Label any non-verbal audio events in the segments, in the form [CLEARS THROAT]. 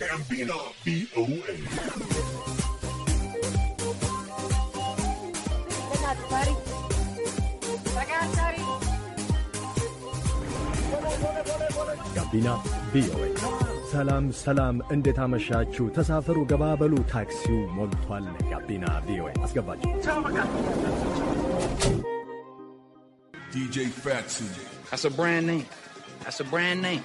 ጋቢና ቪኦኤ ጋቢና ቪኦኤ። ሰላም ሰላም፣ እንዴት አመሻችሁ? ተሳፈሩ፣ ገባበሉ፣ ታክሲው ሞልቷል። ጋቢና ቪኦኤ አስገባችሁ። DJ Fatsu. That's a brand name. That's a brand name.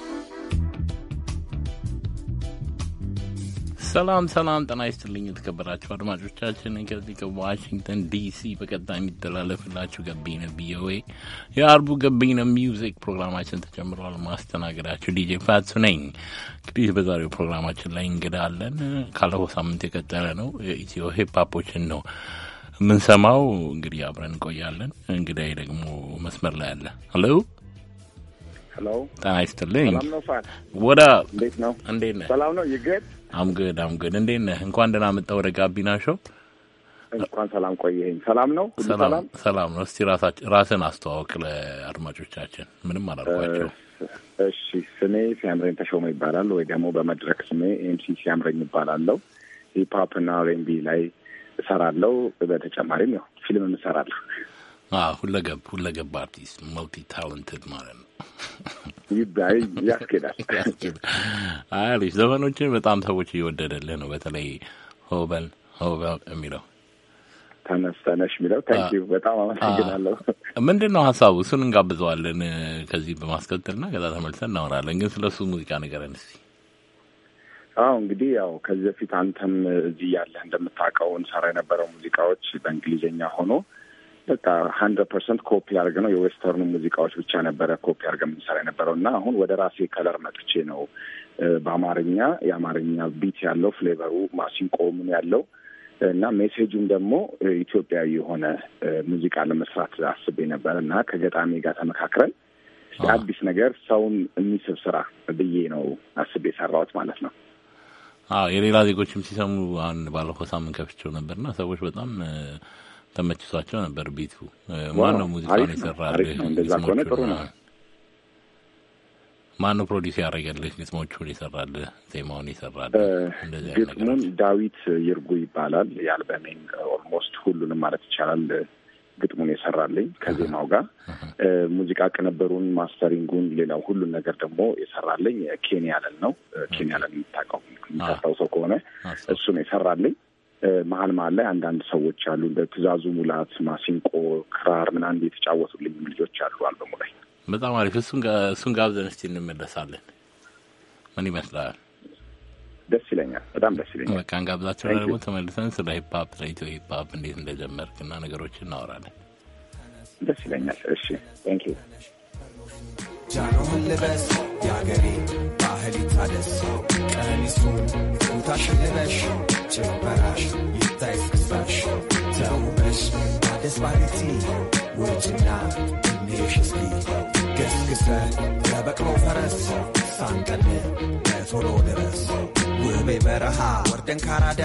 ሰላም ሰላም፣ ጤና ይስጥልኝ የተከበራችሁ አድማጮቻችን፣ ከዚህ ከዋሽንግተን ዲሲ በቀጥታ የሚተላለፍላችሁ ጋቢና ቪኦኤ የአርቡ ጋቢና ሚውዚክ ፕሮግራማችን ተጀምሯል። ማስተናገዳችሁ ዲጄ ፋትሱ ነኝ። እንግዲህ በዛሬው ፕሮግራማችን ላይ እንግዳ አለን። ካለፈው ሳምንት የቀጠለ ነው። የኢትዮ ሂፓፖችን ነው የምንሰማው። እንግዲህ አብረን እንቆያለን። እንግዳይ ደግሞ መስመር ላይ አለ። ሄሎ ሄሎ፣ ጤና ይስጥልኝ። ወደ እንዴት ነው? እንዴት ነህ? ሰላም ነው ይገድ አምግድ አምግድ እንዴት ነህ? እንኳን ደህና መጣ ወደ ጋቢና ሾው። እንኳን ሰላም ቆየኝ። ሰላም ነው፣ ሰላም ሰላም ነው። እስቲ ራስን አስተዋወቅ ለአድማጮቻችን። ምንም አላልኳቸው። እሺ፣ ስሜ ሲያምረኝ ተሾመ ይባላል፣ ወይ ደግሞ በመድረክ ስሜ ኤምሲ ሲያምረኝ ይባላለሁ። ሂፕሆፕ እና ሬንቢ ላይ እሰራለው በተጨማሪም ያው ፊልም እንሰራለሁ። ሁለገብ ሁለገብ አርቲስት መልቲ ታለንትድ ማለት ነው። ያስኬዳል። አሪፍ ዘፈኖችን በጣም ሰዎች እየወደደልህ ነው። በተለይ ሆበል ሆበል የሚለው ተነስ የሚለው ታንኪዩ፣ በጣም አመሰግናለሁ። ምንድን ነው ሀሳቡ? እሱን እንጋብዘዋለን ከዚህ በማስከተልና ከዛ ተመልሰን እናወራለን። ግን ስለ እሱ ሙዚቃ ንገረን እስኪ። አዎ እንግዲህ ያው ከዚህ በፊት አንተም እዚህ ያለህ እንደምታውቀው እንሰራ የነበረው ሙዚቃዎች በእንግሊዝኛ ሆኖ በቃ ሀንድረድ ፐርሰንት ኮፒ አድርገ ነው የዌስተርኑ ሙዚቃዎች ብቻ ነበረ ኮፒ አድርገ የምንሰራ የነበረው እና አሁን ወደ ራሴ ከለር መጥቼ ነው በአማርኛ የአማርኛ ቢት ያለው ፍሌቨሩ ማሲንቆ ምን ያለው እና ሜሴጁም ደግሞ ኢትዮጵያዊ የሆነ ሙዚቃ ለመስራት አስቤ ነበር እና ከገጣሚ ጋር ተመካክረን አዲስ ነገር ሰውን የሚስብ ስራ ብዬ ነው አስቤ የሰራሁት ማለት ነው። የሌላ ዜጎችም ሲሰሙ አሁን ባለፈው ሳምንት ከፍቼው ነበርና ሰዎች በጣም ተመችቷቸው ነበር ቤቱ። ማነው ሙዚቃውን የሰራልህ? እንደዛ ከሆነ ጥሩ ነው። ማነው ፕሮዲስ ያደረገልህ? ግጥሞቹን የሰራልህ? ዜማውን የሰራልህ? ግጥሙን ዳዊት ይርጉ ይባላል። የአልበሜን ኦልሞስት ሁሉንም ማለት ይቻላል ግጥሙን የሰራልኝ ከዜማው ጋር ሙዚቃ ቅንብሩን፣ ማስተሪንጉን፣ ሌላው ሁሉን ነገር ደግሞ የሰራልኝ ኬንያለን ነው። ኬንያለን የምታውቀው የምታስታውሰው ከሆነ እሱን የሰራልኝ መሀል መሀል ላይ አንዳንድ ሰዎች አሉ እንደ ትእዛዙ ሙላት ማሲንቆ፣ ክራር ምናምን የተጫወቱልኝም ልጆች አሉ አልበሙ ላይ። በጣም አሪፍ። እሱን ጋብዘን እስቲ እንመለሳለን። ምን ይመስላል? ደስ ይለኛል። በጣም ደስ ይለኛል። በቃ እንጋብዛቸው። ደግሞ ተመልሰን ስለ ሂፕሀፕ ስለ ኢትዮ ሂፕሀፕ እንዴት እንደጀመርክ እና ነገሮችን እናወራለን። ደስ ይለኛል። እሺ፣ ታንኪዩ ጃኖ ልበስ ያገሬ ባህል ይታደስ ቀሚሱ ቁምጣሽ ልበሽ ጭፈራሽ ይታይ እስክሳሽ ተውበሽ አደስ ባልቲ ውጭና ሜሽ እስኪ ገስግሰ በበቅሎ ፈረስ ሳንቀን ለቶሎ ድረስ ውቤ በረሃ ወርደን ካራዳ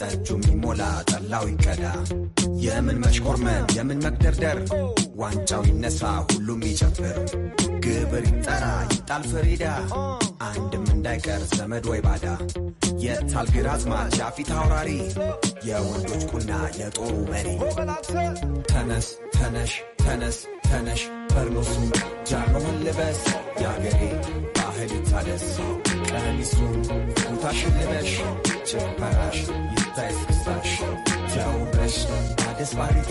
ጠጁ የሚሞላ ጠላው ይቀዳ የምን መሽኮርመን የምን መግደርደር ዋንጫው ይነሳ፣ ሁሉም ይጨፍር፣ ግብር ይጠራ፣ ይጣል ፍሪዳ፣ አንድም እንዳይቀር ዘመድ ወይ ባዳ። የታል ግራዝማች ፊት አውራሪ፣ የወንዶች ቁና የጦሩ መሪ። ተነስ ተነሽ ተነስ ተነሽ፣ በርኖሱን ጃኖህን ልበስ፣ የአገሬ ባህል ይታደስ። ቀነኒሱን ኩታሽን ልበሽ፣ ጭፈራሽ ሳይፈሳሽ ተውበሽ አደስባሪቲ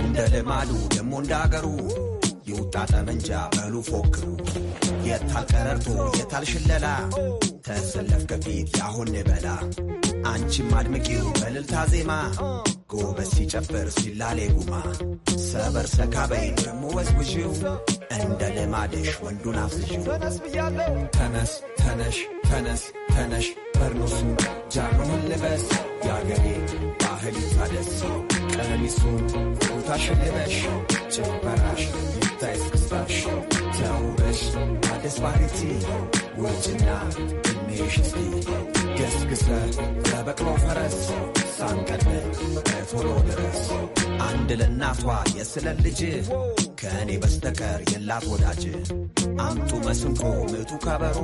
እንደ ልማዱ ደሞ እንደ አገሩ ይውጣ ጠመንጃ በሉ ፎክሩ የታል ቀረርቶ የታል ሽለላ ተሰለፍ ከፊት ያሁን በላ አንቺም አድምቂው በልልታ ዜማ ጎበዝ ሲጨፍር ሲላሌ ጉማ ሰበር ሰካ በይ ደሞ ወዝውዥው እንደ ልማድሽ ወንዱን አፍዝዥው ተነስ ተነሽ ተነስ ተነሽ በርኖሱን ጃኖን ልበስ የአገሬ ባህል ይታደስ ቀለሚሱን ቦታ ሽልበሽ ጭፈራሽ ይታይ እስክስታሽ ተውበ disparity ውርጅና ሜሽቲ ገስግሰ በበቅሎ ፈረስ ሳንቀድም በቶሎ ድረስ አንድ ለእናቷ የስለ ልጅ ከእኔ በስተቀር የላት ወዳጅ አምጡ መስንቆ ምቱ ከበሮ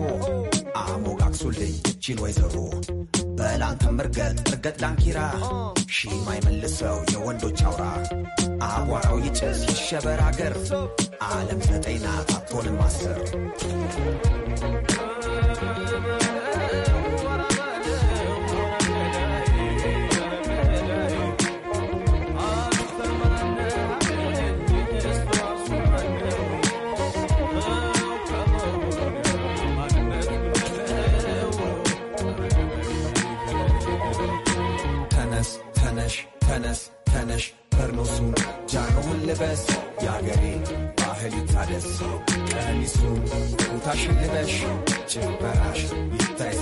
አሞጋክሱልኝ እቺን ወይዘሮ በላንተም እርገጥ እርገጥ ዳንኪራ ሺ ማይመልሰው የወንዶች አውራ አቧራው ይጭስ ይሸበር አገር ዓለም ዘጠኝ ናት አቶንም تنش تنش برنوسون جانون لبس يا قريب باهلي تادس ቀሚሱ ልበሽ ይታይ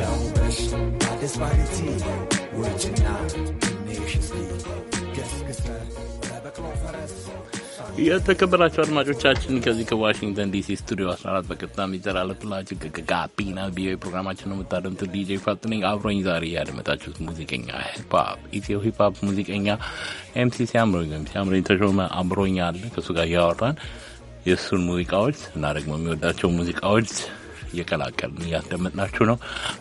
ያውበሽ አዲስ ባሪቲ ውርጅና ትንሽ ገስግሰ በበቅሎ ፈረስ የተከበራቸው አድማጮቻችን ከዚህ ከዋሽንግተን ዲሲ ስቱዲዮ 14 በቀጥታ የሚተላለፍላችሁ ጋቢና ቪኦኤ ፕሮግራማችን ነው የምታደምቱ ዲጄ ፋቱ ነኝ። አብሮኝ ዛሬ ያደመጣችሁት ሙዚቀኛ ሂፓፕ ኢትዮ ሂፓፕ ሙዚቀኛ ኤምሲ ሲያምሮኝ ወይም ሲያምሮኝ ተሾመ አለ ከእሱ ጋር እያወራን የእሱን ሙዚቃዎች እና ደግሞ የሚወዳቸው ሙዚቃዎች እየቀላቀልን እያስደመጥናችሁ ነው።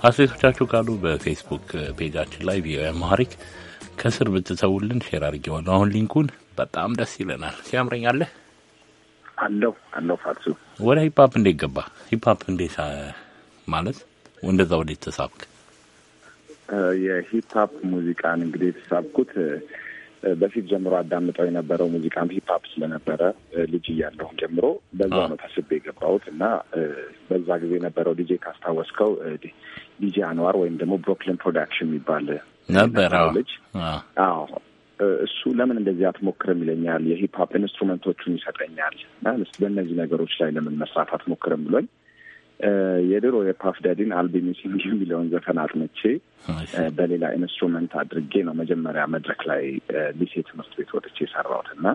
አስተያየቶቻችሁ ካሉ በፌስቡክ ፔጃችን ላይ ቪኦኤ አማሪክ ከስር ብትሰውልን ሼር አድርጌዋለሁ። አሁን ሊንኩን በጣም ደስ ይለናል። ሲያምረኛለህ አለው አለው ፋርሱ ወደ ሂፓፕ እንዴት ገባ? ሂፓፕ እንዴት ማለት እንደዛ ወደ ተሳብክ? የሂፓፕ ሙዚቃን እንግዲህ የተሳብኩት በፊት ጀምሮ አዳምጠው የነበረው ሙዚቃም ሂፕሀፕ ስለነበረ ልጅ እያለሁም ጀምሮ በዛ ነው ተስቤ የገባሁት እና በዛ ጊዜ የነበረው ዲጄ ካስታወስከው ዲጄ አንዋር ወይም ደግሞ ብሮክሊን ፕሮዳክሽን የሚባል ነበረው ልጅ። እሱ ለምን እንደዚህ አትሞክርም ይለኛል። የሂፕሀፕ ኢንስትሩመንቶቹን ይሰጠኛል። በእነዚህ ነገሮች ላይ ለምን መስራት አትሞክርም ብሎኝ የድሮ የፓፍዳዲን አልቢሚሲንግ የሚለውን ዘፈን አጥምቼ በሌላ ኢንስትሩመንት አድርጌ ነው መጀመሪያ መድረክ ላይ ሊሴ ትምህርት ቤት ወጥቼ የሰራሁት እና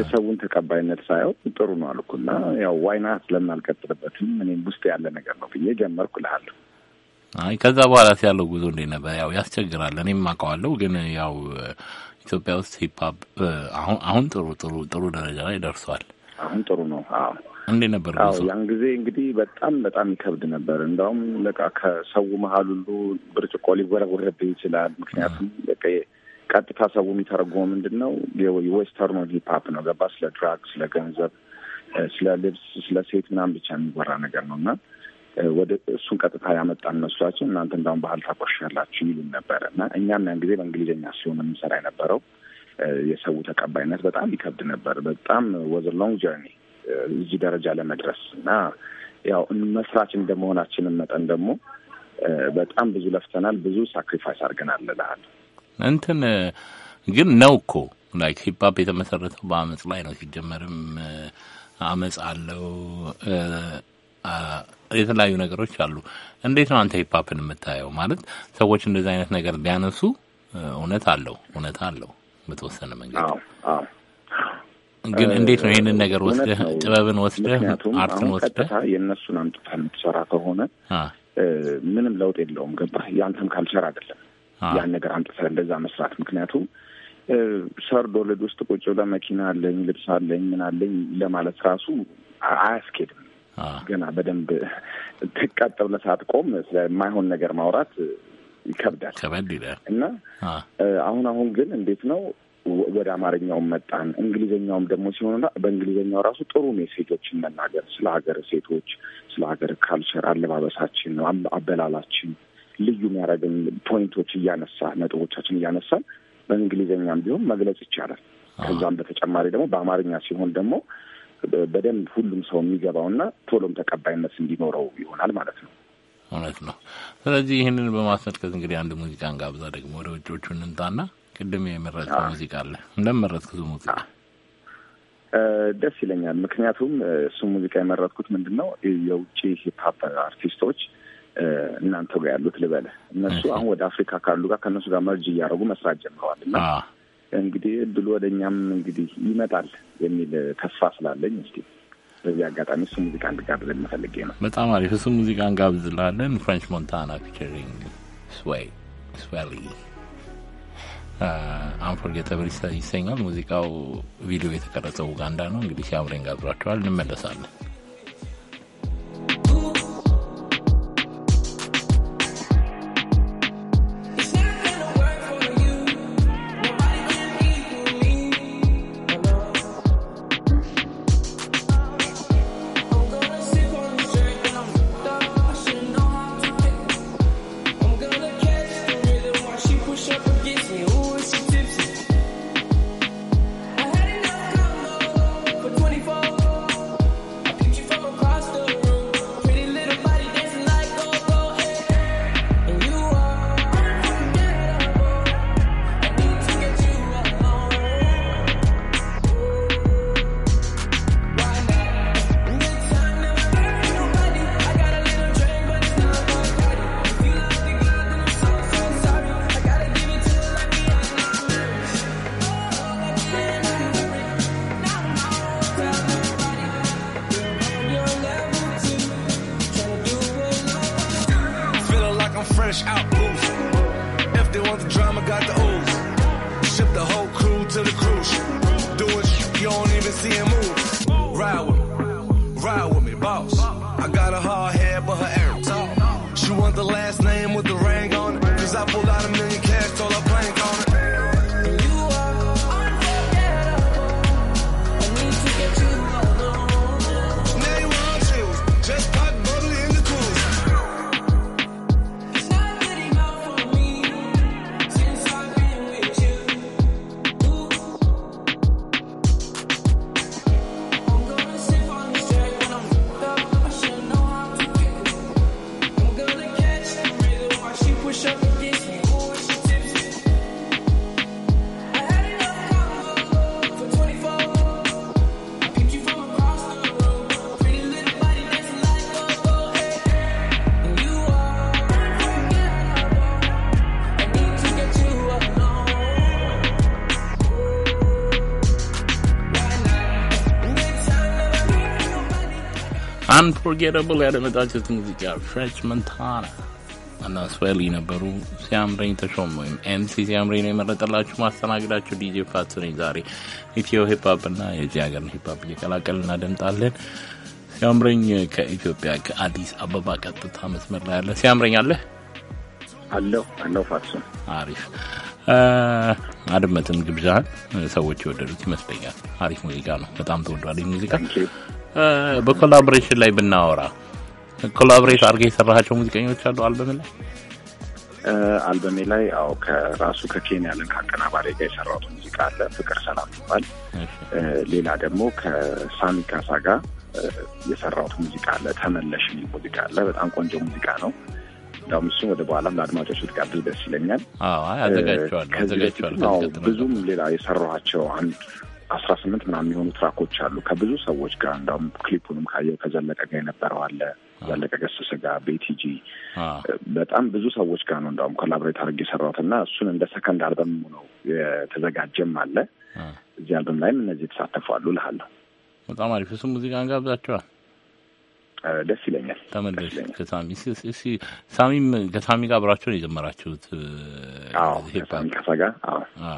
የሰውን ተቀባይነት ሳየው ጥሩ ነው አልኩና ያው ዋይናት ለምን አልቀጥልበትም? እኔም ውስጥ ያለ ነገር ነው ብዬ ጀመርኩ እልሃለሁ። አይ ከዛ በኋላ ያለው ጉዞ እንዴት ነበር? ያው ያስቸግራል፣ እኔም አውቀዋለሁ። ግን ያው ኢትዮጵያ ውስጥ ሂፕ ሆፕ አሁን አሁን ጥሩ ጥሩ ጥሩ ደረጃ ላይ ደርሷል። አሁን ጥሩ ነው። አዎ እንዴ ነበር? ያን ጊዜ እንግዲህ በጣም በጣም ይከብድ ነበር። እንዳውም በቃ ከሰው መሀል ሁሉ ብርጭቆ ሊወረወረብ ይችላል። ምክንያቱም ቀጥታ ሰው የሚተረጉመው ምንድን ነው የዌስተርኑ ሂፕሀፕ ነው። ገባ ስለ ድራግ፣ ስለ ገንዘብ፣ ስለ ልብስ፣ ስለ ሴት ምናምን ብቻ የሚወራ ነገር ነው እና ወደ እሱን ቀጥታ ያመጣን መስሏቸው እናንተ እንዳሁን ባህል ታቆሻላችሁ ይሉን ነበረ እና እኛም ያን ጊዜ በእንግሊዝኛ ሲሆን የምንሰራ የነበረው የሰው ተቀባይነት በጣም ይከብድ ነበር። በጣም ወዝ ሎንግ ጀርኒ እዚህ ደረጃ ለመድረስ እና ያው መስራች እንደመሆናችንን መጠን ደግሞ በጣም ብዙ ለፍተናል፣ ብዙ ሳክሪፋይስ አድርገናል። ልልሃል እንትን ግን ነው እኮ ላይክ ሂፓፕ የተመሰረተው በአመፅ ላይ ነው። ሲጀመርም አመፅ አለው። የተለያዩ ነገሮች አሉ። እንዴት ነው አንተ ሂፓፕን የምታየው? ማለት ሰዎች እንደዚህ አይነት ነገር ቢያነሱ እውነት አለው እውነት አለው በተወሰነ መንገድ ግን እንዴት ነው ይህንን ነገር ወስደህ ጥበብን ወስደህ አርትን ወስደህ የእነሱን አምጥታ የምትሰራ ከሆነ ምንም ለውጥ የለውም። ገባህ? ያንተም ካልቸር አይደለም ያን ነገር አምጥተህ እንደዛ መስራት። ምክንያቱም ሰርዶ ልድ ውስጥ ቁጭ ብለህ መኪና አለኝ፣ ልብስ አለኝ፣ ምን አለኝ ለማለት ራሱ አያስኬድም። ገና በደንብ ቀጥ ብለህ ሳትቆም ስለማይሆን ነገር ማውራት ይከብዳል፣ ከበድ ይላል እና አሁን አሁን ግን እንዴት ነው ወደ አማርኛውም መጣን። እንግሊዝኛውም ደግሞ ሲሆንና በእንግሊዝኛው ራሱ ጥሩ ሜሴጆችን መናገር ስለ ሀገር ሴቶች፣ ስለ ሀገር ካልቸር፣ አለባበሳችን፣ አበላላችን ልዩ የሚያደርገን ፖይንቶች እያነሳ ነጥቦቻችን እያነሳን በእንግሊዝኛም ቢሆን መግለጽ ይቻላል። ከዛም በተጨማሪ ደግሞ በአማርኛ ሲሆን ደግሞ በደንብ ሁሉም ሰው የሚገባውና ቶሎም ተቀባይነት እንዲኖረው ይሆናል ማለት ነው። እውነት ነው። ስለዚህ ይህንን በማስመልከት እንግዲህ አንድ ሙዚቃ እንጋብዛ፣ ደግሞ ወደ ውጮቹ እንምጣና ቅድም የመረጥከው ሙዚቃ አለ። እንደመረጥክ እሱ ሙዚቃ ደስ ይለኛል። ምክንያቱም እሱ ሙዚቃ የመረጥኩት ምንድን ነው የውጭ ሂፕሀፕ አርቲስቶች እናንተ ጋር ያሉት ልበለ እነሱ አሁን ወደ አፍሪካ ካሉ ጋር ከእነሱ ጋር መርጅ እያደረጉ መስራት ጀምረዋል እና እንግዲህ እድሉ ወደ እኛም እንግዲህ ይመጣል የሚል ተስፋ ስላለኝ እስኪ በዚህ አጋጣሚ እሱ ሙዚቃ እንድጋብዝ መፈልጌ ነው። በጣም አሪፍ። እሱ ሙዚቃ እንጋብዝላለን። ፍሬንች ሞንታና ፊቸሪንግ ስዌይ ስዌሊ ተብሪ ይሰኛል ሙዚቃው። ቪዲዮ የተቀረጸው ኡጋንዳ ነው። እንግዲህ ሲያምረኝ ጋብሯቸዋል እንመለሳለን። አንፎርጌተብል ያደመጣችሁት ሙዚቃ ፍሬንች መንታና እና ስዌሊ ነበሩ። ሲያምረኝ ተሾም ወይም ኤምሲ ሲያምረኝ ነው የመረጠላችሁ። ማስተናግዳችሁ ዲጄ ፋቱ ነኝ። ዛሬ ኢትዮ ሂፕሆፕ እና የዚህ ሀገርን ሂፕሆፕ እየቀላቀል እናደምጣለን። ሲያምረኝ ከኢትዮጵያ ከአዲስ አበባ ቀጥታ መስመር ላይ ያለ ሲያምረኝ አለህ አለው አለው ፋሱ አሪፍ አድመትን ግብዣህን ሰዎች የወደዱት ይመስለኛል። አሪፍ ሙዚቃ ነው፣ በጣም ተወዷል ሙዚቃ። በኮላቦሬሽን ላይ ብናወራ ኮላቦሬት አድርገህ የሰራሃቸው ሙዚቀኞች አሉ አልበም ላይ አልበሜ ላይ አዎ ከራሱ ከኬንያ ልን ከአቀናባሪ ጋር የሰራሁት ሙዚቃ አለ ፍቅር ሰላም ይባል። ሌላ ደግሞ ከሳሚ ካሳ ጋር የሰራሁት ሙዚቃ አለ ተመለሽ የሚል ሙዚቃ አለ። በጣም ቆንጆ ሙዚቃ ነው። ዳምሱ ወደ በኋላም ለአድማጮች ብትጋብዝ ደስ ይለኛል። ከዚህ ብዙም ሌላ የሰራኋቸው አንድ አስራ ስምንት ምናምን የሚሆኑ ትራኮች አሉ ከብዙ ሰዎች ጋር እንዳውም ክሊፑንም ካየው ከዘለቀ ጋር የነበረው አለ ዘለቀ ገሰሰ ጋር ቤቲጂ በጣም ብዙ ሰዎች ጋር ነው እንዳውም ኮላቦሬት አድርግ የሰራሁት እና እሱን እንደ ሰከንድ አልበም ነው የተዘጋጀም አለ እዚህ አልበም ላይም እነዚህ የተሳተፉ አሉ እልሃለሁ። በጣም አሪፍ እሱ ሙዚቃ እንጋብዛቸዋል። ደስ ይለኛል። ተመለስ ከሳሚ ሳሚም ከሳሚ ጋር አብራችሁ ነው የጀመራችሁት? ሳሚ ከሳ ጋር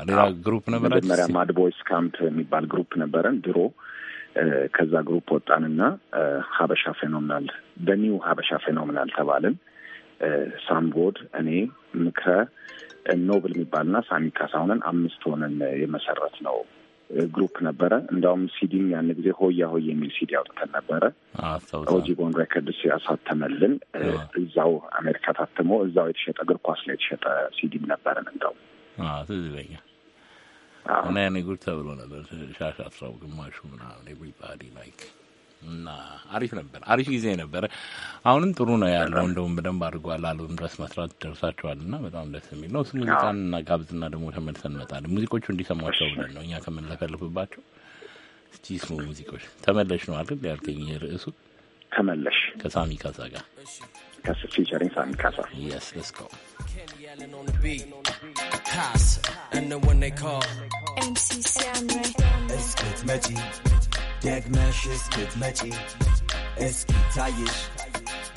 ሌላ ግሩፕ ነበራችሁ? መጀመሪያ ማድ ቦይስ ካምፕ የሚባል ግሩፕ ነበረን ድሮ። ከዛ ግሩፕ ወጣንና ሀበሻ ፌኖምናል በኒው ሀበሻ ፌኖምናል ተባልን። ሳምቦድ እኔ ምክረ ኖብል የሚባልና ሳሚ ካሳሁንን አምስት ሆነን የመሰረት ነው ግሩፕ ነበረ። እንዳውም ሲዲም ያን ጊዜ ሆያ ሆይ የሚል ሲዲ አውጥተን ነበረ። ኦጂቦን ሬከርድስ ያሳተመልን እዛው አሜሪካ ታትሞ እዛው የተሸጠ እግር ኳስ ላይ የተሸጠ ሲዲም ነበረን። እንዳውም ትዝ ይለኛል እና ያኔ ጉድ ተብሎ ነበር ሻሻ አስራው ግማሹ ምናምን ኤቭሪባዲ ላይክ እና አሪፍ ነበር፣ አሪፍ ጊዜ ነበር። አሁንም ጥሩ ነው ያለው። እንደውም በደንብ አድርጓል። አሉም ድረስ መስራት ደርሳቸዋል እና በጣም ደስ የሚል ነው። እሱ ሙዚቃን እና ጋብዝና ደግሞ ተመልሰን እንመጣለን። ሙዚቆቹ እንዲሰማቸው ብለን ነው እኛ ከምንለፈልፍባቸው። እስቲ ስሙ ሙዚቆች ተመለሽ ነው አይደል ያልከኝ ርዕሱ? ተመለሽ ከሳሚ ካሳ ጋር Yes, let's go. Kelly Allen on the beat. And they call MC Magic. ደግመሽ እስክትመጪ እስኪታይሽ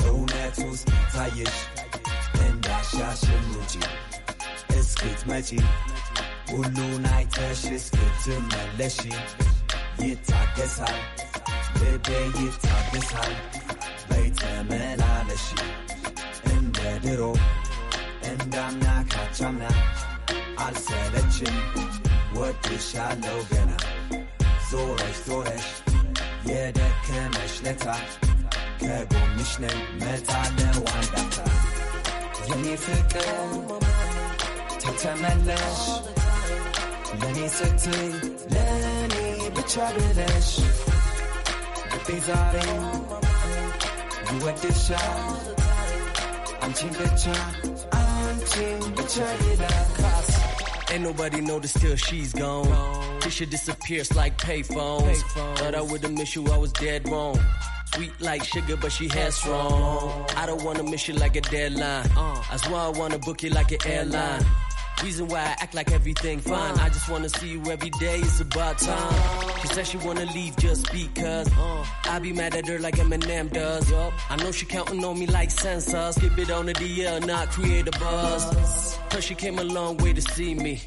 እውነቱ እስኪታይሽ እንዳሻሽምጪ እስክትመጪ ሁሉን አይተሽ እስክትመለሺ ይታገሳል ልቤ ይታገሳል በይተመላለሺ እንደ ድሮ እንዳምና ካቻምና አልሰለችም ወድሻለው ገና zorej, zorej Jede kreme šleca Kebo mišne meta ne wandata Jeni sete Tete meleš Jeni sete Leni biča bileš Gepi zarin Yuwe disha Ancin biča Ancin biča Ain't nobody noticed till she's gone Tisha disappears like payphones. Thought I would've missed you, I was dead wrong. Sweet like sugar, but she strong. I don't wanna miss you like a deadline. Uh, I swear I wanna book you like an airline. Reason why I act like everything fine. Uh. I just wanna see you every day, it's about time. She said she wanna leave just because. Uh. I be mad at her like Eminem does. I know she counting on me like sensors. Skip it on the DL, not create a buzz. Cause she came a long way to see me.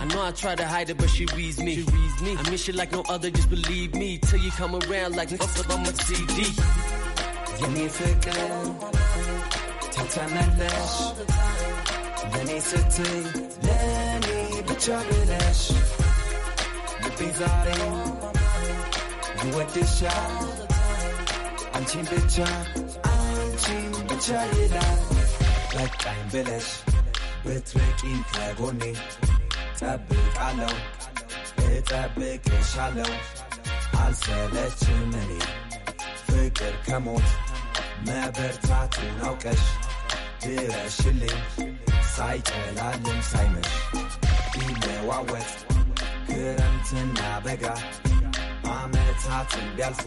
I know I try to hide it, but she reads me. She reads me. I miss you like no other, just believe me. Till you come around like what's up on my CD. time Give me forget. Tetemeleş Beni sırtıyla bıçabiliş Bir bizarre Duet dışa Ançin bıça Ançin bıça yedar Like I'm Beleş Red Red in Flagoni ጠብቃለው እጠብቅሻለው አልሰለችም እኔ ፍቅር ከሞት መበርታቱን አውቀሽ ድረሽልኝ ሳይጨላልም ሳይመሽ ይለዋወጥ ክረምትና በጋ ዓመታትን ቢያልፉ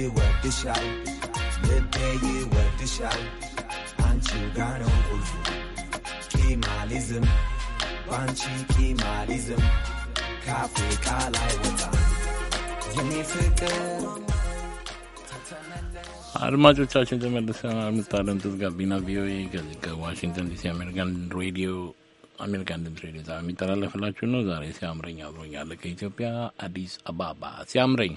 ይወድሻል ልቤ ይወድሻል አንቺው ጋ ነው ቁልፉ ቂማሊዝም ባንቺ ቂማሊዝም ካፌ ቃል አይወጣ የኔ ፍቅር አድማጮቻችን ተመልሰናል። የምታደምጡት ጋቢና ቪኦኤ ከዚህ ከዋሽንግተን ዲሲ አሜሪካን ሬዲዮ አሜሪካን ድምፅ ሬዲዮ ጣቢያ የሚተላለፍላችሁ ነው። ዛሬ ሲያምረኝ አብሮኝ ከኢትዮጵያ አዲስ አበባ ሲያምረኝ።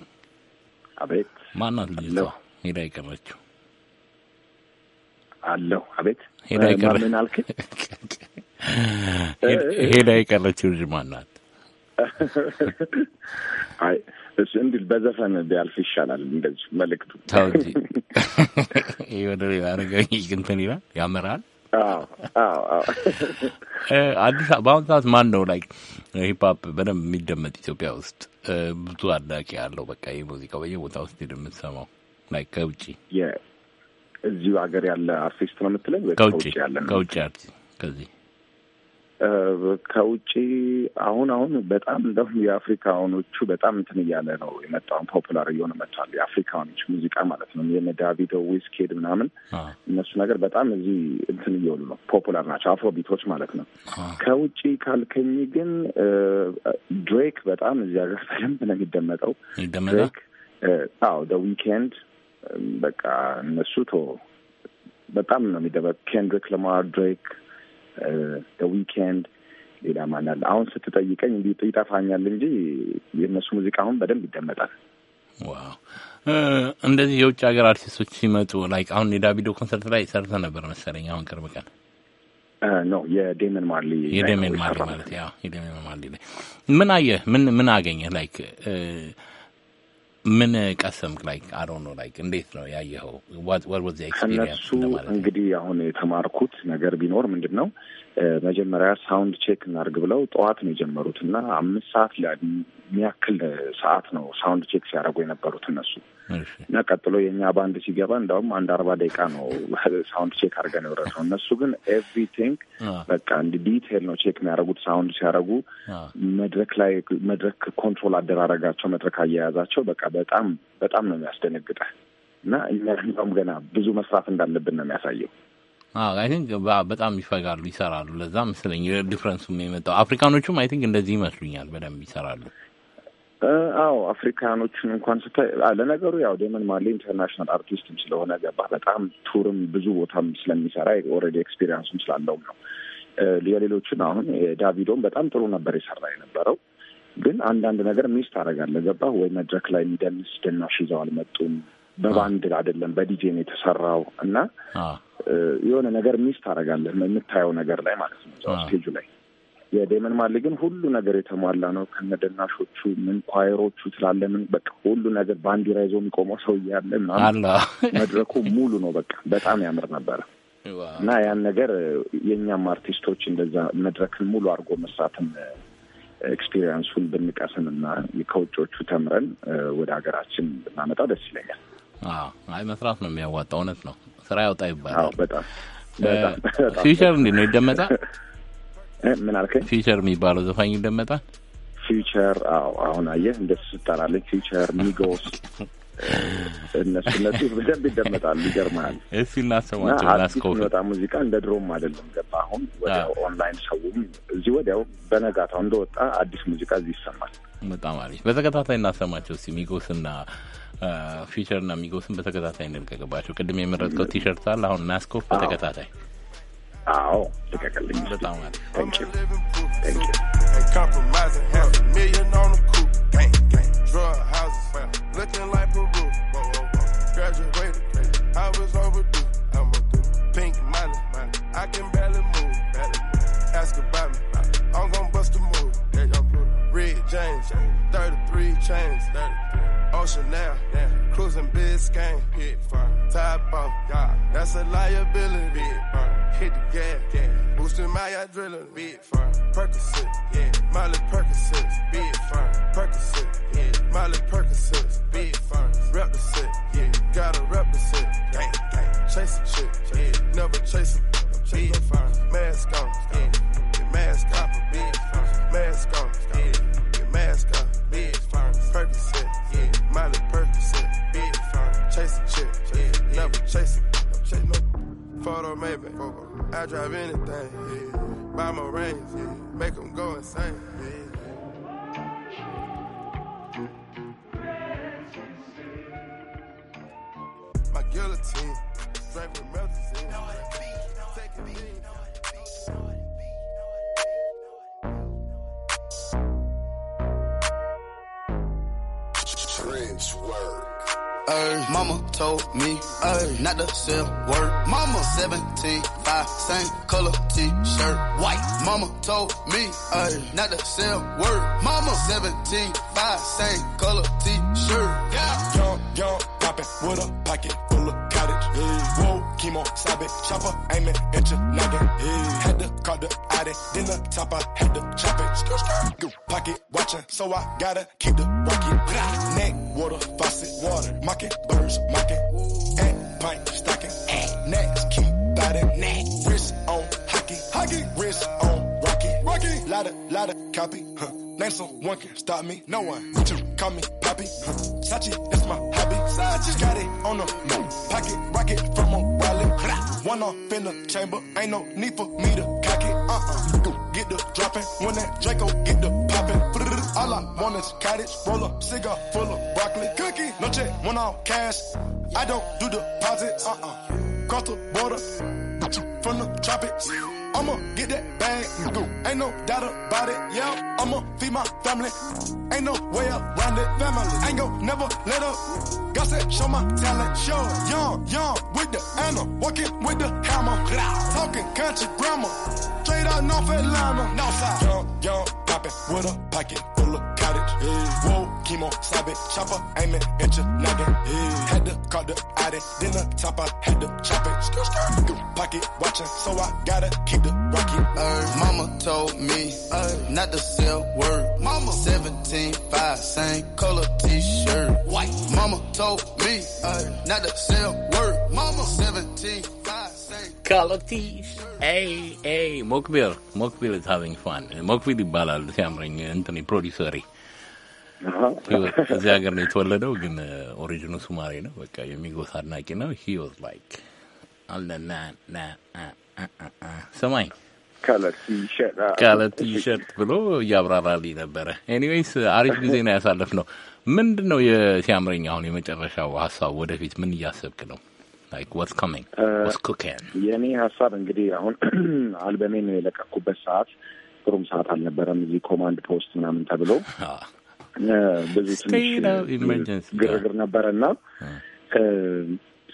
አቤት ማናት ልጅቷ ሄዳ የቀረችው? አለሁ። አቤት ሄዳ የቀረችው [LAUGHS] ሄዳ የቀረችው ልጅ ማናት? አይ እሱ እንዲል በዘፈን ቢያልፍ ይሻላል። እንደዚህ መልእክቱ ታውቲ ወደ አረጋዊ እንትን ይላል ያምራል። አዲስ በአሁኑ ሰዓት ማን ነው ላይ ሂፕሀፕ በደንብ የሚደመጥ ኢትዮጵያ ውስጥ ብዙ አድናቂ ያለው? በቃ ይህ ሙዚቃ በየ ቦታ ውስጥ የምትሰማው ላይ ከውጭ እዚሁ ሀገር ያለ አርቲስት ነው የምትለኝ? ከውጭ ያለ ከውጭ አርቲስት ከዚህ ከውጭ አሁን አሁን በጣም እንደውም የአፍሪካኖቹ በጣም እንትን እያለ ነው የመጣውን ፖፑላር እየሆነ መጥቷል። የአፍሪካኖች ሙዚቃ ማለት ነው። የነ ዳቪዶ ዊዝኪድ ምናምን እነሱ ነገር በጣም እዚህ እንትን እየሆኑ ነው፣ ፖፑላር ናቸው። አፍሮ ቢቶች ማለት ነው። ከውጭ ካልከኝ ግን ድሬክ በጣም እዚህ ሀገር [LAUGHS] በደንብ ነው የሚደመጠው። ድሬክ፣ አዎ ደ ዊኬንድ በቃ እነሱ ቶ በጣም ነው የሚደመጥ። ኬንድሪክ ለማር ድሬክ ከዊኬንድ ሌላ ማን አሁን ስትጠይቀኝ እንዲ ይጠፋኛል እንጂ የእነሱ ሙዚቃ አሁን በደንብ ይደመጣል። እንደዚህ የውጭ ሀገር አርቲስቶች ሲመጡ ላይ አሁን የዳቪዶ ኮንሰርት ላይ ሰርተ ነበር መሰለኝ። አሁን ቅርብ ቀን ነው የዴመን ማርሊ የዴመን ማርሊ ማለት ያው የዴመን ማርሊ ላይ ምን አየህ? ምን ምን አገኘህ? ላይክ ምን ቀሰምክ? ላይክ አይ ዶንት ኖ ላይክ እንዴት ነው ያየኸው? ከነሱ እንግዲህ አሁን የተማርኩት ነገር ቢኖር ምንድን ነው መጀመሪያ ሳውንድ ቼክ እናርግ ብለው ጠዋት ነው የጀመሩት እና አምስት ሰዓት የሚያክል ሰዓት ነው ሳውንድ ቼክ ሲያደርጉ የነበሩት እነሱ እና ቀጥሎ የእኛ ባንድ ሲገባ እንዳውም አንድ አርባ ደቂቃ ነው [LAUGHS] ሳውንድ ቼክ አድርገን የወረድ እነሱ ግን ኤቭሪቲንግ በቃ እንዲ ዲቴል ነው ቼክ የሚያደርጉት ሳውንድ ሲያደርጉ መድረክ ላይ መድረክ ኮንትሮል አደራረጋቸው መድረክ አያያዛቸው በቃ በጣም በጣም ነው የሚያስደነግጠ እና እኛ እንዳውም ገና ብዙ መስራት እንዳለብን ነው የሚያሳየው። አይ ቲንክ በጣም ይፈጋሉ፣ ይሰራሉ። ለዛ መሰለኝ ዲፍረንሱም የመጣው አፍሪካኖቹም አይ ቲንክ እንደዚህ ይመስሉኛል፣ በደንብ ይሰራሉ። አዎ አፍሪካኖቹን እንኳን ስታይ ለነገሩ ያው ደመን ማሌ ኢንተርናሽናል አርቲስትም ስለሆነ ገባ በጣም ቱርም ብዙ ቦታም ስለሚሰራ ኦልሬዲ ኤክስፒሪያንሱም ስላለውም ነው። የሌሎችን አሁን ዳቪዶም በጣም ጥሩ ነበር የሰራ የነበረው ግን አንዳንድ ነገር ሚስ ታደርጋለህ። ገባ ወይ? መድረክ ላይ የሚደንስ ደናሽ ይዘው አልመጡም። በባንድ አይደለም በዲጄን የተሰራው እና የሆነ ነገር ሚስ ታደርጋለህ የምታየው ነገር ላይ ማለት ነው። እዛው ስቴጁ ላይ የዴመን ማሊ ግን ሁሉ ነገር የተሟላ ነው። ከነደናሾቹ ምን ኳየሮቹ ስላለ ምን በቃ ሁሉ ነገር ባንዲራ ይዞ የሚቆመው ሰው እያለ ምናምን [LAUGHS] መድረኩ ሙሉ ነው። በቃ በጣም ያምር ነበረ እና ያን ነገር የእኛም አርቲስቶች እንደዛ መድረክን ሙሉ አድርጎ መስራትን ኤክስፒሪየንሱን ብንቀስም እና ከውጮቹ ተምረን ወደ ሀገራችን ብናመጣው ደስ ይለኛል። አይ መስራት ነው የሚያዋጣ፣ እውነት ነው። ስራ ያውጣ ይባላል። ፊውቸር እንዴት ነው ይደመጣል? ምን አልከኝ? ፊውቸር የሚባለው ዘፋኝ ይደመጣል? ፊውቸር አዎ፣ አሁን አየህ እንደሱ ስጠራለኝ ፊውቸር ሚጎስ እነሱ እነሱ በደንብ ይደመጣሉ። ይገርማል። እስኪ እናሰማቸው። ናስኮፍ ወጣ ሙዚቃ እንደ ድሮም አይደለም ገባ። አሁን ወዲያው ኦንላይን ሰውም እዚህ ወዲያው በነጋታው እንደወጣ አዲስ ሙዚቃ እዚህ ይሰማል። በጣም አሪፍ። በተከታታይ እናሰማቸው እስኪ ሚጎስ እና ፊቸር እና ሚጎስን በተከታታይ እንልቀቅባቸው። ቅድም የመረጥከው ቲሸርት አለ አሁን ናስኮፍ በተከታታይ አዎ፣ ልቀቅልኝ። በጣም አሪፍ James, 33 chains, 33 Ocean now, damn. Cruising Biscayne, hit fine. Top bump, God, that's a liability. Big burn. Hit the gas, yeah. Boosting my adrenaline, big fine. Percocet, yeah. Molly Percocet, big fine. Percocet, yeah. Molly Percocet, big fine. Represent, yeah. Gotta represent, gang, gang. chasing shit, chick, yeah. Never chasing. big fine. Mask on, yeah. Mask off, big fine. Mask on, yeah. Photo maybe. I drive anything. Yeah. Buy my rings. Yeah. Make them go insane. Yeah. told me, ayy, uh, not the same word. Mama 17, 5, same color t-shirt, white. Mama told me, ayy, uh, not the same word. Mama 17, 5, same color t-shirt. Yeah. Young, young, poppin' with a pocket full of cottage. Yeah. Whoa, chemo, savage, chopper, aiming at your noggin. Yeah. Had to call the out it, then the top I had to chop it. Pocket watchin', so I gotta keep the rocket. Neck water, faucet, water, mocking, birds, mocking, at pint stocking, at next, keep biting, neck, wrist on hockey, hockey, wrist on rocky, rocky, lotta, lotta, copy, huh. Name someone can stop me, no one. Two, call me Poppy. Huh. Sachi, that's my hobby. Sachi got it on the moon. Pocket rocket from a wallet. One off in the chamber, ain't no need for me to cock it. uh uh get the dropping. When that Draco get the popping. All I want is cottage, roll up, cigar full of broccoli. Cookie, no check, one on cash. I don't do deposits. Uh uh. Cross the border, from the tropics. I'ma get that bag. go. Ain't no doubt about it. Yeah, I'ma feed my family. Ain't no way around it. Family. Ain't gon' never let up. God said, show my talent. Show young, young with the Anna. Walking with the hammer. Talking country grammar. Straight out North Atlanta. Northside. Young, young, poppin' with a pocket full of cottage. Yeah. Whoa, chemo, sobbing, chopper, aiming at your noggin. Yeah. Had to call the addy, then the top, I had to chop it. Skr, skr. pocket watching, so I gotta keep the rocket. Uh, mama told me uh, not to sell word. Mama, 17, 5, same color t-shirt. White. Mama told me uh, not to sell word. Mama, 17, 5, same color t-shirt. Hey, hey, Mokbil. Mokbil is having fun. Mokbil the ballad, I'm Anthony, producer. እዚህ ሀገር ነው የተወለደው፣ ግን ኦሪጂኑ ሱማሌ ነው። በቃ የሚጎት አድናቂ ነው። ሂ ወዝ ላይክ አለና ና ሰማይ ካለ ቲሸርት ብሎ እያብራራልኝ ነበረ። ኤኒዌይስ አሪፍ ጊዜ ነው ያሳለፍ ነው። ምንድን ነው የሲያምረኝ አሁን የመጨረሻው ሀሳብ ወደፊት ምን እያሰብክ ነው? ላይክ ዋትስ ኮሚንግ ዋትስ ኩኪንግ። የእኔ ሀሳብ እንግዲህ አሁን [CLEARS THROAT] አልበሜን የለቀኩበት ሰዓት ጥሩም ሰዓት አልነበረም። እዚህ ኮማንድ ፖስት ምናምን ተብሎ ብዙ ትንሽ ግርግር ነበረና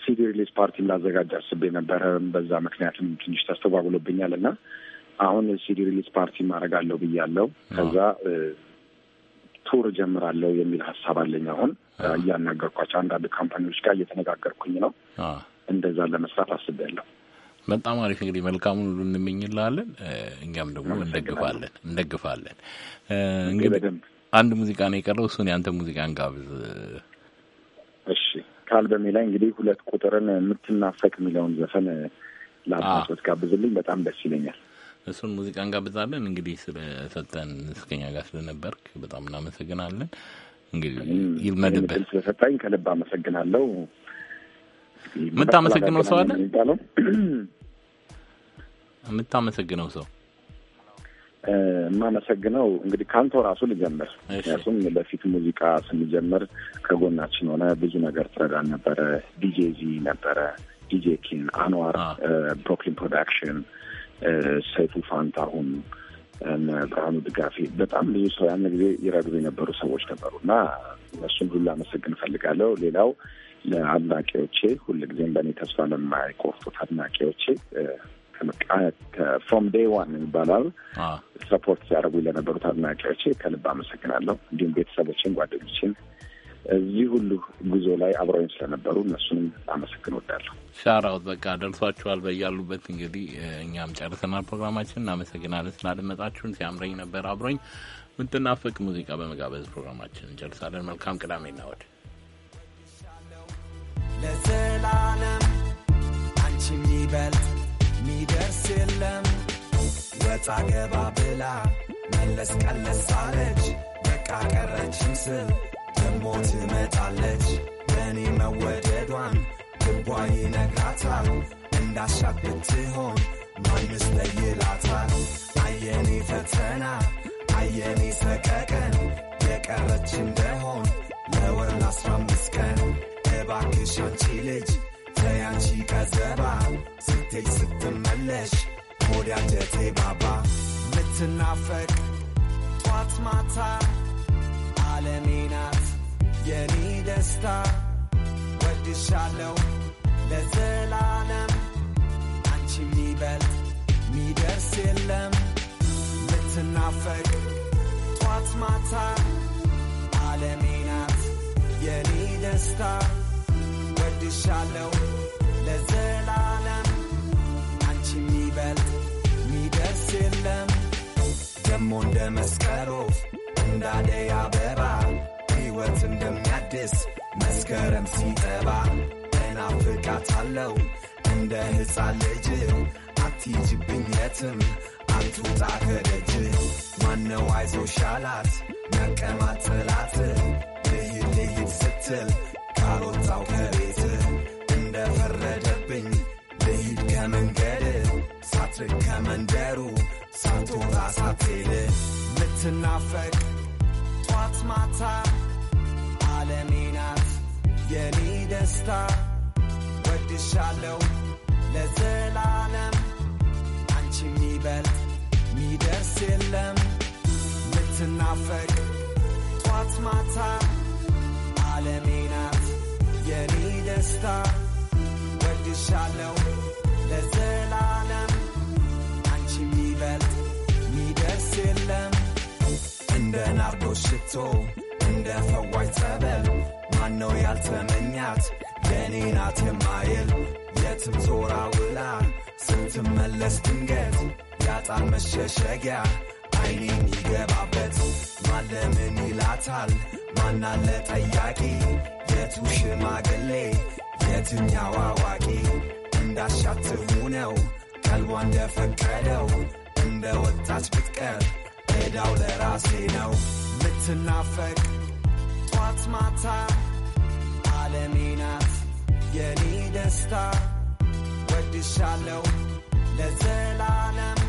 ሲዲ ሪሊዝ ፓርቲም ላዘጋጅ አስቤ ነበረ። በዛ ምክንያትም ትንሽ ተስተጓጉሎብኛል እና አሁን ሲዲ ሪሊዝ ፓርቲ ማድረጋለሁ ብያለሁ። ከዛ ቱር ጀምራለሁ የሚል ሀሳብ አለኝ። አሁን እያናገርኳቸው አንዳንድ ካምፓኒዎች ጋር እየተነጋገርኩኝ ነው። ah. እንደዛ ለመስራት አስቤያለሁ። በጣም አሪፍ እንግዲህ መልካሙን ሁሉ እንመኝልሃለን። እኛም ደግሞ እንደግፋለን እንደግፋለን እንግዲህ አንድ ሙዚቃ ነው የቀረው። እሱን ያንተ ሙዚቃ እንጋብዝ። እሺ ከአልበሜ ላይ እንግዲህ ሁለት ቁጥርን የምትናፈቅ የሚለውን ዘፈን ለአባቶት ጋብዝልኝ፣ በጣም ደስ ይለኛል። እሱን ሙዚቃ እንጋብዛለን። እንግዲህ ስለሰጠን እስከኛ ጋር ስለነበርክ በጣም እናመሰግናለን። እንግዲህ ይልመድበት ስለሰጣኝ ከልብ አመሰግናለሁ። የምታመሰግነው ሰው አለ? የምታመሰግነው ሰው [CLEARS THROAT] የማመሰግነው እንግዲህ ካንቶ ራሱ ልጀምር። ምክንያቱም በፊት ሙዚቃ ስንጀምር ከጎናችን ሆነ ብዙ ነገር ትረዳን ነበረ። ዲጄ ዚ ነበረ፣ ዲጄ ኪን፣ አንዋር፣ ብሮክሊን ፕሮዳክሽን፣ ሰይፉ ፋንታሁን፣ ብርሃኑ ድጋፌ በጣም ብዙ ሰው ያን ጊዜ ይረግዙ የነበሩ ሰዎች ነበሩ እና እነሱን ሁሉ አመሰግን እፈልጋለሁ። ሌላው ለአድናቂዎቼ ሁልጊዜም በእኔ ተስፋ ለማይቆርጡት አድናቂዎቼ ፍሮም ዴይ ዋን ይባላል። ሰፖርት ሲያደርጉ ለነበሩት አድናቂዎች ከልብ አመሰግናለሁ። እንዲሁም ቤተሰቦችን፣ ጓደኞችን እዚህ ሁሉ ጉዞ ላይ አብረውኝ ስለነበሩ እነሱንም አመሰግን ወዳለሁ። ሻራውት በቃ ደርሷችኋል በያሉበት እንግዲህ እኛም ጨርሰናል ፕሮግራማችን። እናመሰግናለን ስላደመጣችሁን። ሲያምረኝ ነበር አብረኝ የምትናፍቅ ሙዚቃ በመጋበዝ ፕሮግራማችን እንጨርሳለን። መልካም ቅዳሜ እናወድ ለዘላለም ወጣ ገባ ብላ መለስ ቀለስ አለች። በቃ ቀረችም ስል ደሞ ትመጣለች። በእኔ መወደዷን ልቧ ይነግራታል። እንዳሻት ብትሆን ማንስ ለይላታል። አየኔ ፈተና አየኔ ሰቀቀን የቀረች እንደሆን ለወር አስራ አምስት ቀን እባክሽ አንቺ ልጅ ተያንቺ ቀዘባ ስትይ ስትመለሽ ወዳጀቴ ባባ ምትናፈቅ ጧት ማታ ዓለሜ ናት የኔ ደስታ ወድሻለው ለዘላለም አንቺ የሚበልጥ ሚደርስ የለም ምትናፈቅ ጧት ማታ ዓለሜ ናት የኔ ደስታ ወድሻለው ለዘላ ደግሞ እንደ መስቀል እንዳደይ አበባ ሕይወት እንደሚያድስ መስከረም ሲጠባ እናፍቃታለሁ እንደ ሕፃን ልጅ አትሂጂብኝ የትም አትውጣ ከደጅ ማነው አይዞሽ አላት መቀማት ጥላት ልሂድ ልሂድ ስትል ካልወጣው ከቤት እንደፈረደብኝ ልሂድ ከመንገድ ሳትርቅ ከመንደሩ ሳትወራ ሳትሄድ ምትናፈቅ ጧት ማታ ዓለሜ ናት የኔ ደስታ ወድሻለው ለዘላለም አንቺ የሚበልጥ ሚደርስ የለም ምትናፈቅ ጧት ማታ ዓለሜ ናት የኔ ደስታ ወድሻለው ለዘላለም እንደ ናርዶ ሽቶ እንደ ፈዋይ ጸበል ማነው ያልተመኛት የኔ ናት የማይል የትም ዞራ ውላ ስትመለስ ድንገት ያጣል መሸሸጊያ አይኔን ይገባበት ማለምን ይላታል ማናለ ጠያቂ የቱ ሽማግሌ የትኛው አዋቂ እንዳሻትሙ ነው ቀልቧ እንደፈቀደው እንደ ወጣች ብትቀር ሜዳው ለራሴ ነው ምትናፈቅ ጧት ማታ ዓለሜ ናት የኔ ደስታ ወድሻለው ለዘላለም